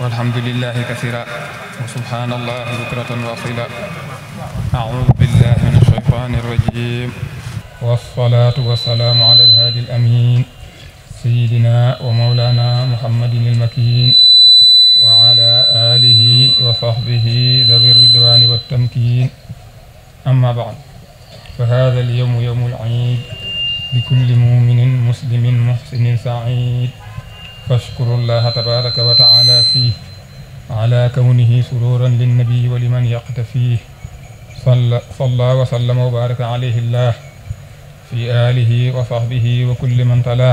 والحمد لله كثيرا وسبحان الله بكرة وأصيلا أعوذ بالله من الشيطان الرجيم والصلاة والسلام على الهادي الأمين سيدنا ومولانا محمد المكين وعلى آله وصحبه ذوي الرضوان والتمكين أما بعد فهذا اليوم يوم العيد لكل مؤمن مسلم محسن سعيد fashkuru llaha tabaraka wa taala fii ala kawnihi sururan linnabii wa liman yaqtafiih salla wa sallama wa baraka alayhi llah fi alihi wa sahbihi wa kulli man talah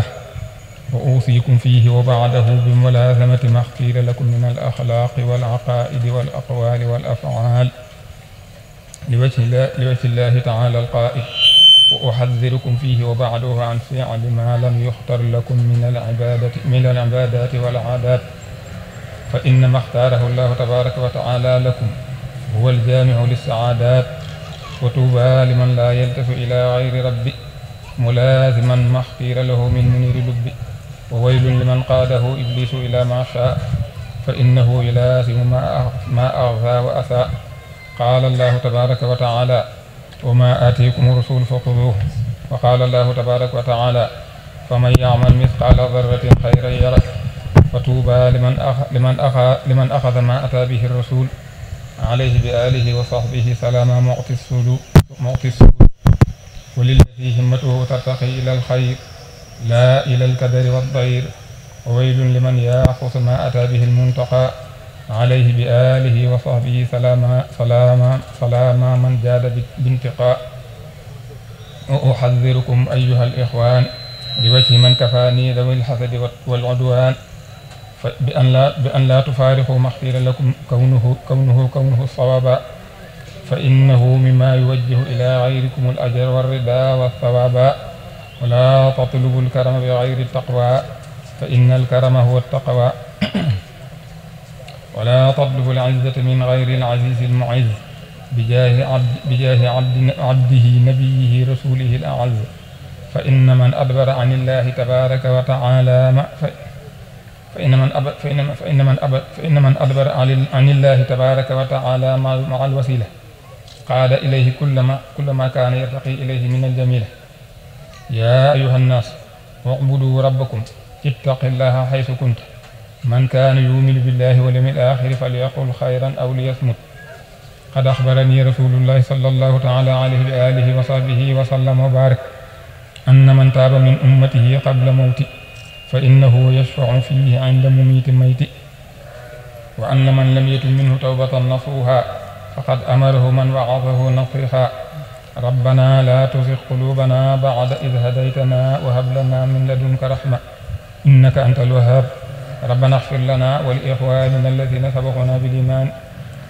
wa uusikum fihi wa baadahu bimulaasamati ma xtiira lakum min al axlaaqi wal aqaaidi wal aqwaali wal afcaal li wajhi llahi taala al qaa'id وأحذركم فيه وبعده عن فعل ما لم يختر لكم من العبادة من العبادات والعادات فإنما اختاره الله تبارك وتعالى لكم هو الجامع للسعادات وطوبى لمن لا يلتف إلى غير ربي ملازما ما اختير له من منير لبي وويل لمن قاده إبليس إلى ما شاء فإنه يلازم ما أغثى وأساء قال الله تبارك وتعالى wa ma aatikum rasul fa xuduuh wa qaala allahu tabaraka wa taala faman yacmal misqaala darratin xayran yara fa tuuba liman a liman axada ma ataa bihi rasul alayhi bi alihi wa sahbihi salaama muqti suud muqti suud wa lilladi himmatuhu tartaqi ila alxayr laa ila alkadari waddayr wa waylun liman yaaxusu ma ataa bihi almuntaqa alayhi bi alihi wa sahbihi salaama salaama salaama man jaada bintiqaa uxadirukum ayuha al ixwaan bi wajhi man kafaani dawi lxasadi wal udwaan bi an laa bi an laa tufaarixu maxtiira lakum kawnuhu kawnuhu kawnuhu sawaaba fa innahu mima yuwajjihu ilaa gayrikum al ajra wa ridaa wa sawaaba wala tatlubu lkarama bi gayri taqwa fa inna alkarama huwa taqwa ولا تطلب العزة من غير العزيز المعز بجاه عبد بجاه عبد عبده نبيه رسوله الأعز فإن من أدبر عن الله تبارك وتعالى ما فإن من أب فإن فإن من أب فإن من أدبر عن الله تبارك وتعالى مع الوسيلة قاد إليه كل ما كل ما كان يرتقي إليه من الجميلة يا أيها الناس اعبدوا ربكم اتقوا الله حيث كنتم man kaana yuminu billahi wal yawmil axiri falyaqul xayran aw liyasmut qad axbarani rasulullahi sallallahu taala alayhi wa alihi wa sahbihi wa sallam wa barak anna man taaba min ummatihi qabla mawti fa innahu yashfau fihi inda mumiiti mayti wa anna man lam yatub minhu tawbatan nasuha faqad amarahu man wa'azahu nasiha rabbana la tuzig qulubana ba'da id hadaytana wa hab lana min ladunka rahma innaka antal wahhab ربنا اغفر لنا ولإخواننا الذين سبقونا بالإيمان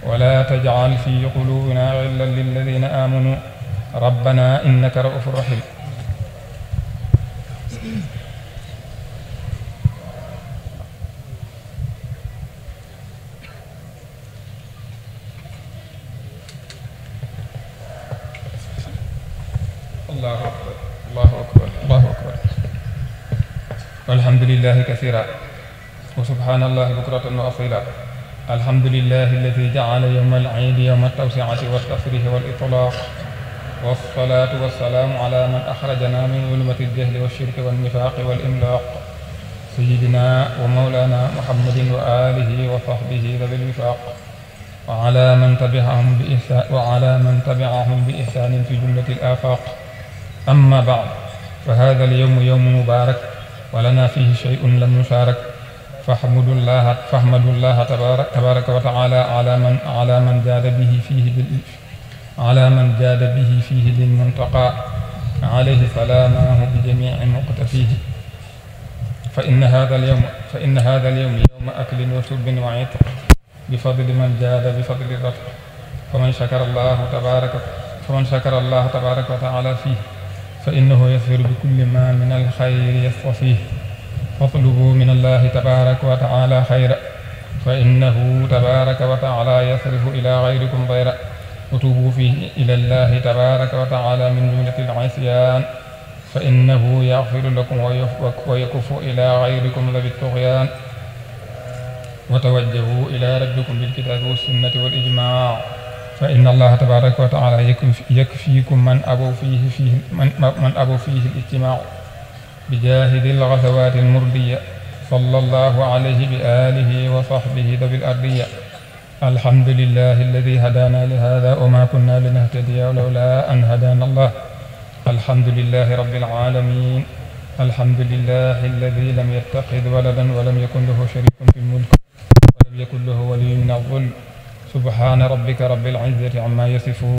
ولا تجعل في قلوبنا غلا للذين آمنوا ربنا إنك رؤوف رحيم الله أكبر الله أكبر الله أكبر والحمد لله كثيرا وسبحان الله بكرة وأصيلا الحمد لله الذي جعل يوم العيد يوم التوسعة والتفريح والإطلاق والصلاة والسلام على من أخرجنا من ظلمة الجهل والشرك والنفاق والإملاق سيدنا ومولانا محمد وآله وصحبه ذوي الوفاق وعلى من تبعهم بإحسان وعلى من تبعهم بإحسان في جملة الآفاق أما بعد فهذا اليوم يوم مبارك ولنا فيه شيء لم نشارك fahmadullaha fahmadullaha tabaraka wa taala ala man ala man jaada bihi fiihi lil ala man jaada bihi fiihi lil muntaqa alayhi salaamahu bi jamiici muqtafiihi fa inna haada alyawm fa inna haada alyawm yawma aklin wa shurbin wa itq bi fadli man jaada bi fadli rabb faman shakara allahu tabaraka faman shakara allahu tabaraka wa taala fiihi fa innahu yafiru bi kulli ma min alxayri yastafiihi watlubu min allahi tabaraka wa taala xayra fa innahu tabaraka wa taala yasrifu ila gayrikum dayra وتوبوا فيه إلى الله تبارك وتعالى من جملة العصيان فإنه يغفر لكم ويكف إلى غيركم لبالطغيان وتوجهوا إلى ربكم بالكتاب والسنة والإجماع فإن الله تبارك وتعالى يكفيكم من أبوا فيه, فيه من, من أبوا فيه الاجتماع bijaahi dil xasawaati almurdiya sallallahu alayhi bi aalihi wa sahbihi dabil ardiya alhamdulillahi alladi hadaana li haadaa wa maa kunna linahtadiya lawlaa an hadaana allah alhamdulillahi rabbil aalamiin alhamdulillahi alladi lam yattaxid waladan wa lam yakun lahu shariikun fil mulk wa lam yakun lahu waliyyun min az-zulm subhaana rabbika rabbil izzati ammaa yasifuun